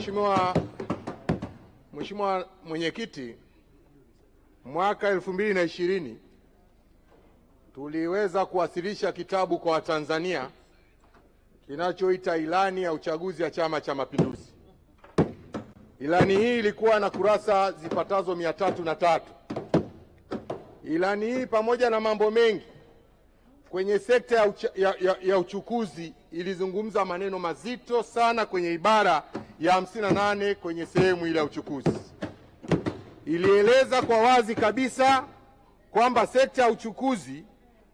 Mheshimiwa Mheshimiwa Mwenyekiti, mwaka elfu mbili na ishirini tuliweza kuwasilisha kitabu kwa Watanzania kinachoita Ilani ya Uchaguzi ya Chama cha Mapinduzi. Ilani hii ilikuwa na kurasa zipatazo mia tatu na tatu. Ilani hii pamoja na mambo mengi kwenye sekta ya, ucha, ya, ya, ya uchukuzi ilizungumza maneno mazito sana kwenye ibara ya 58 kwenye sehemu ile ya uchukuzi ilieleza kwa wazi kabisa kwamba sekta ya uchukuzi,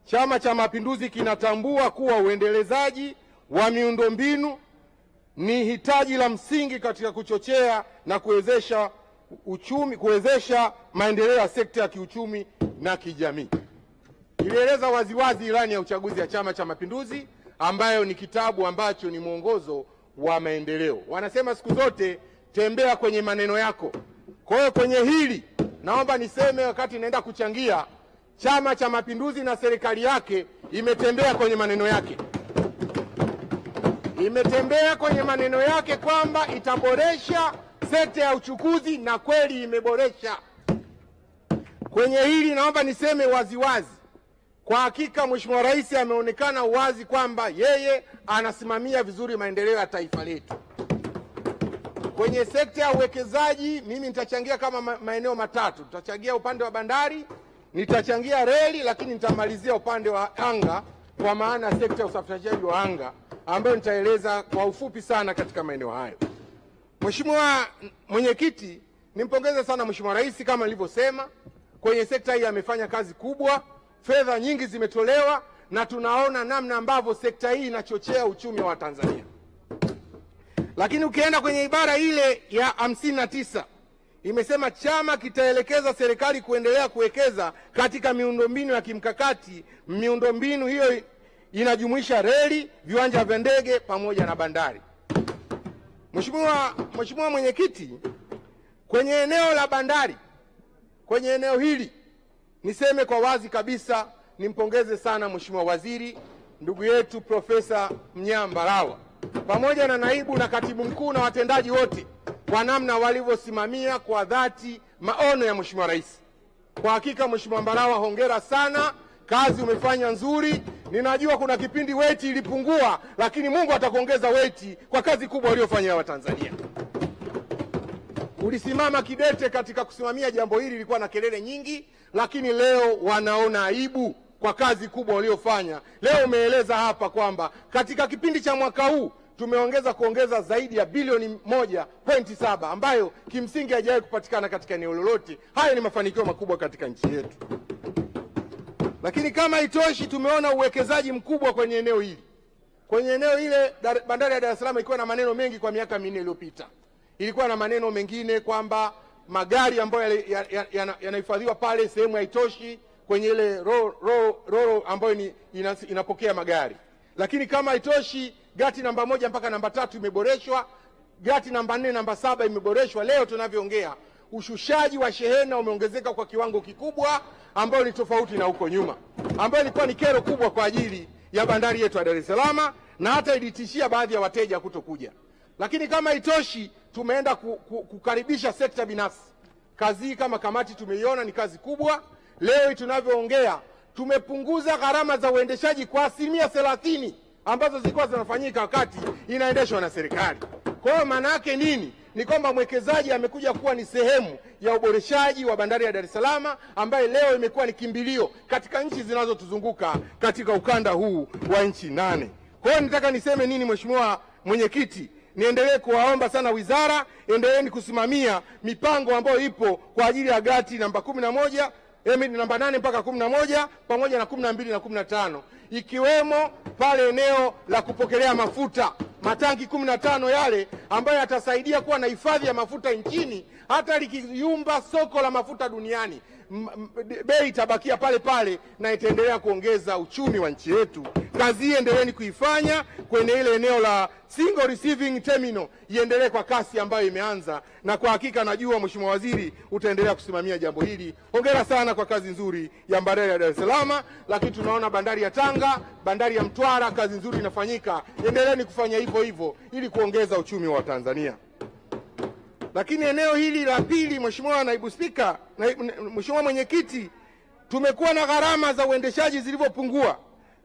Chama cha Mapinduzi kinatambua kuwa uendelezaji wa miundombinu ni hitaji la msingi katika kuchochea na kuwezesha uchumi, kuwezesha maendeleo ya sekta ya kiuchumi na kijamii. Ilieleza waziwazi ilani ya uchaguzi ya Chama cha Mapinduzi ambayo ni kitabu ambacho ni mwongozo wa maendeleo. Wanasema siku zote tembea kwenye maneno yako. Kwa hiyo kwenye hili naomba niseme, wakati naenda kuchangia, Chama cha Mapinduzi na serikali yake imetembea kwenye maneno yake, imetembea kwenye maneno yake kwamba itaboresha sekta ya uchukuzi, na kweli imeboresha. Kwenye hili naomba niseme waziwazi kwa hakika Mheshimiwa Rais ameonekana wazi kwamba yeye anasimamia vizuri maendeleo ya taifa letu. Kwenye sekta ya uwekezaji, mimi nitachangia kama maeneo matatu. Nitachangia upande wa bandari, nitachangia reli, lakini nitamalizia upande wa anga, kwa maana sekta ya usafirishaji wa anga ambayo nitaeleza kwa ufupi sana katika maeneo hayo. Mheshimiwa Mwenyekiti, nimpongeze sana Mheshimiwa Rais kama nilivyosema, kwenye sekta hii amefanya kazi kubwa fedha nyingi zimetolewa na tunaona namna ambavyo sekta hii inachochea uchumi wa Tanzania. Lakini ukienda kwenye ibara ile ya hamsini na tisa imesema chama kitaelekeza serikali kuendelea kuwekeza katika miundombinu ya kimkakati. Miundombinu hiyo inajumuisha reli, viwanja vya ndege pamoja na bandari. Mheshimiwa, Mheshimiwa Mwenyekiti, kwenye eneo la bandari, kwenye eneo hili Niseme kwa wazi kabisa, nimpongeze sana Mheshimiwa Waziri ndugu yetu Profesa Mnyambarawa pamoja na naibu na katibu mkuu na watendaji wote kwa namna walivyosimamia kwa dhati maono ya Mheshimiwa Rais. Kwa hakika Mheshimiwa Mbarawa, hongera sana, kazi umefanya nzuri. Ninajua kuna kipindi weti ilipungua, lakini Mungu atakuongeza weti kwa kazi kubwa uliyofanya Watanzania ulisimama kidete katika kusimamia jambo hili, ilikuwa na kelele nyingi, lakini leo wanaona aibu kwa kazi kubwa waliofanya. Leo umeeleza hapa kwamba katika kipindi cha mwaka huu tumeongeza kuongeza zaidi ya bilioni moja pointi saba ambayo kimsingi haijawahi kupatikana katika eneo lolote. Hayo ni mafanikio makubwa katika nchi yetu, lakini kama itoshi, tumeona uwekezaji mkubwa kwenye eneo hili. Kwenye eneo hile bandari ya Dar es Salaam ikiwa na maneno mengi kwa miaka minne iliyopita ilikuwa na maneno mengine kwamba magari ambayo yanahifadhiwa pale sehemu haitoshi kwenye ile roro ambayo ni, inas, inapokea magari. Lakini kama haitoshi, gati namba moja mpaka namba tatu imeboreshwa, gati namba nne, namba saba imeboreshwa. Leo tunavyoongea, ushushaji wa shehena umeongezeka kwa kiwango kikubwa, ambayo ni tofauti na huko nyuma, ambayo ilikuwa ni kero kubwa kwa ajili ya bandari yetu ya Dar es Salaam na hata ilitishia baadhi ya wateja kutokuja. Lakini kama haitoshi tumeenda ku, ku, kukaribisha sekta binafsi. Kazi hii kama kamati tumeiona ni kazi kubwa. Leo tunavyoongea tumepunguza gharama za uendeshaji kwa asilimia thelathini ambazo zilikuwa zinafanyika wakati inaendeshwa na serikali. Kwa hiyo maana yake nini? Ni kwamba mwekezaji amekuja kuwa ni sehemu ya uboreshaji wa bandari ya Dar es Salaam ambayo leo imekuwa ni kimbilio katika nchi zinazotuzunguka katika ukanda huu wa nchi nane. Kwa hiyo nitaka niseme nini, Mheshimiwa Mwenyekiti? niendelee kuwaomba sana wizara, endeleeni kusimamia mipango ambayo ipo kwa ajili ya gati namba kumi na moja emi namba nane mpaka kumi na moja pamoja na kumi na mbili na kumi na tano ikiwemo pale eneo la kupokelea mafuta matangi kumi na tano yale ambayo yatasaidia kuwa na hifadhi ya mafuta nchini. Hata likiyumba soko la mafuta duniani, bei itabakia pale pale na itaendelea kuongeza uchumi wa nchi yetu. Kazi hii endeleeni kuifanya kwenye ile eneo la single receiving terminal, iendelee kwa kasi ambayo imeanza, na kwa hakika najua Mheshimiwa Waziri utaendelea kusimamia jambo hili. Hongera sana kwa kazi nzuri ya bandari ya Dar es Salaam, lakini tunaona bandari ya Tanga, bandari ya Mtwara, kazi nzuri inafanyika. Endeleeni kufanya hivyo hivyo ili kuongeza uchumi wa Tanzania. Lakini eneo hili la pili, Mheshimiwa Naibu Spika, Mheshimiwa Mwenyekiti, tumekuwa na gharama za uendeshaji zilivyopungua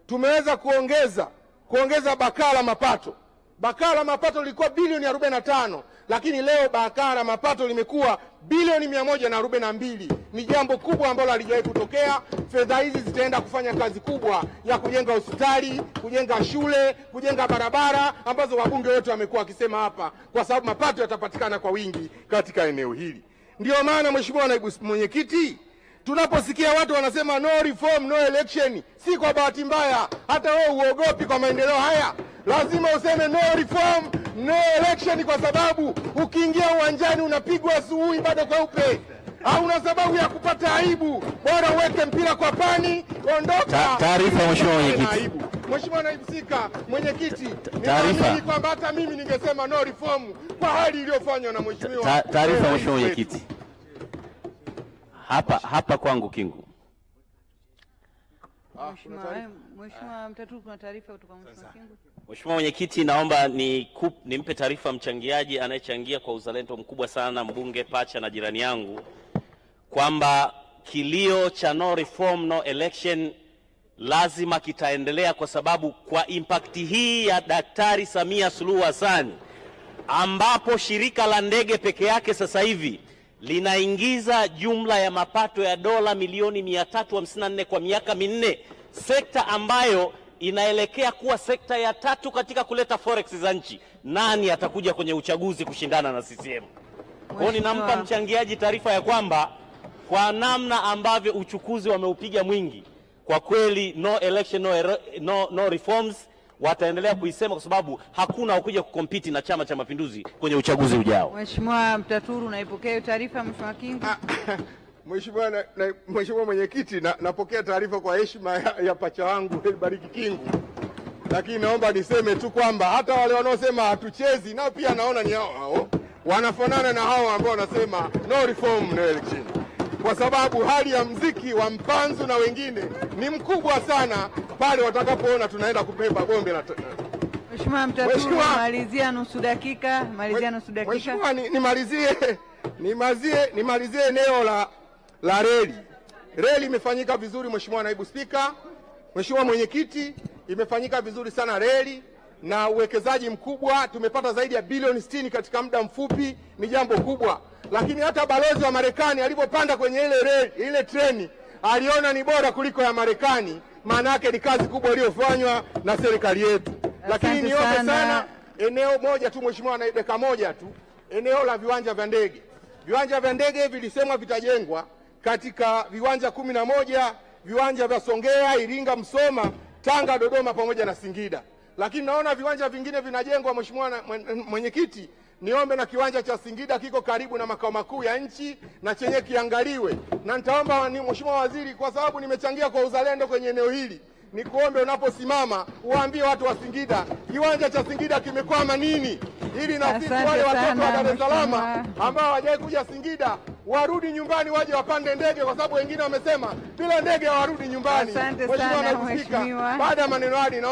tumeweza kuongeza kuongeza bakala la mapato. Bakala la mapato lilikuwa bilioni 45, lakini leo bakala la mapato limekuwa bilioni 142. Ni jambo kubwa ambalo halijawahi kutokea. Fedha hizi zitaenda kufanya kazi kubwa ya kujenga hospitali, kujenga shule, kujenga barabara ambazo wabunge wote wamekuwa wakisema hapa, kwa sababu mapato yatapatikana kwa wingi katika eneo hili. Ndiyo maana Mheshimiwa Naibu Mwenyekiti Tunaposikia watu wanasema no reform no election, si kwa bahati mbaya. Hata wewe uogopi kwa maendeleo haya, lazima useme no reform no election, kwa sababu ukiingia uwanjani unapigwa asubuhi bado kweupe. Hauna sababu ya kupata aibu, bora uweke mpira kwa pani, ondoka. Taarifa mheshimiwa mwenyekiti. Mheshimiwa naibu Spika, mwenyekiti, ninaamini kwamba hata mimi ningesema no reform kwa hali iliyofanywa na mheshimiwa. Taarifa mheshimiwa mwenyekiti hapa hapa kwangu ah, eh, ah. Kingu. Mheshimiwa Mwenyekiti, naomba ni kup, nimpe taarifa mchangiaji anayechangia kwa uzalendo mkubwa sana mbunge pacha na jirani yangu kwamba kilio cha no reform no election lazima kitaendelea kwa sababu kwa impakti hii ya Daktari Samia Suluhu Hassan ambapo shirika la ndege peke yake sasa hivi linaingiza jumla ya mapato ya dola milioni 354 kwa miaka minne, sekta ambayo inaelekea kuwa sekta ya tatu katika kuleta forex za nchi. Nani atakuja kwenye uchaguzi kushindana na CCM? Kwa ninampa mchangiaji taarifa ya kwamba kwa namna ambavyo uchukuzi wameupiga mwingi, kwa kweli no election, no, no, no reforms wataendelea kuisema kwa sababu hakuna wakuja kukompiti na Chama cha Mapinduzi kwenye uchaguzi ujao. Mheshimiwa Mtaturu, naipokea taarifa. Mheshimiwa Kingi. Ah, Mheshimiwa na, na, Mheshimiwa mwenyekiti na, napokea taarifa kwa heshima ya, ya pacha wangu Elbariki Kingi, lakini naomba niseme tu kwamba hata wale wanaosema hatuchezi nao pia naona ni hao hao wanafanana na hao ambao wanasema no reform no election kwa sababu hali ya mziki wa mpanzu na wengine ni mkubwa sana pale watakapoona tunaenda kupepa bombe la Mheshimiwa Mtatu, malizia nusu dakika, malizia nusu dakika. Mheshimiwa, nimalizie nimalizie nimalizie eneo la la reli. Reli imefanyika vizuri Mheshimiwa Naibu Spika, Mheshimiwa Mwenyekiti, imefanyika vizuri sana reli na uwekezaji mkubwa, tumepata zaidi ya bilioni 60 katika muda mfupi, ni jambo kubwa lakini hata balozi wa Marekani alipopanda kwenye ile, ile treni aliona ni bora kuliko ya Marekani. Maana yake ni kazi kubwa iliyofanywa na serikali yetu, lakini niombe sana. sana eneo moja tu mheshimiwa, na deka moja tu, eneo la viwanja vya ndege. Viwanja vya ndege vilisemwa vitajengwa katika viwanja kumi na moja viwanja vya Songea, Iringa, Msoma, Tanga, Dodoma pamoja na Singida, lakini naona viwanja vingine vinajengwa, mheshimiwa mwenyekiti, niombe na kiwanja cha Singida kiko karibu na makao makuu ya nchi na chenye kiangaliwe, na nitaomba Mheshimiwa Waziri, kwa sababu nimechangia kwa uzalendo kwenye eneo hili, nikuombe unaposimama uwaambie watu wa Singida kiwanja cha Singida kimekwama nini, ili na sisi wale watoto wa Dar es Salaam ambao hawajawahi kuja Singida warudi nyumbani waje wapande ndege, kwa sababu wengine wamesema bila ndege hawarudi nyumbani. Mheshimiwa Naibu Spika, baada ya maneno haya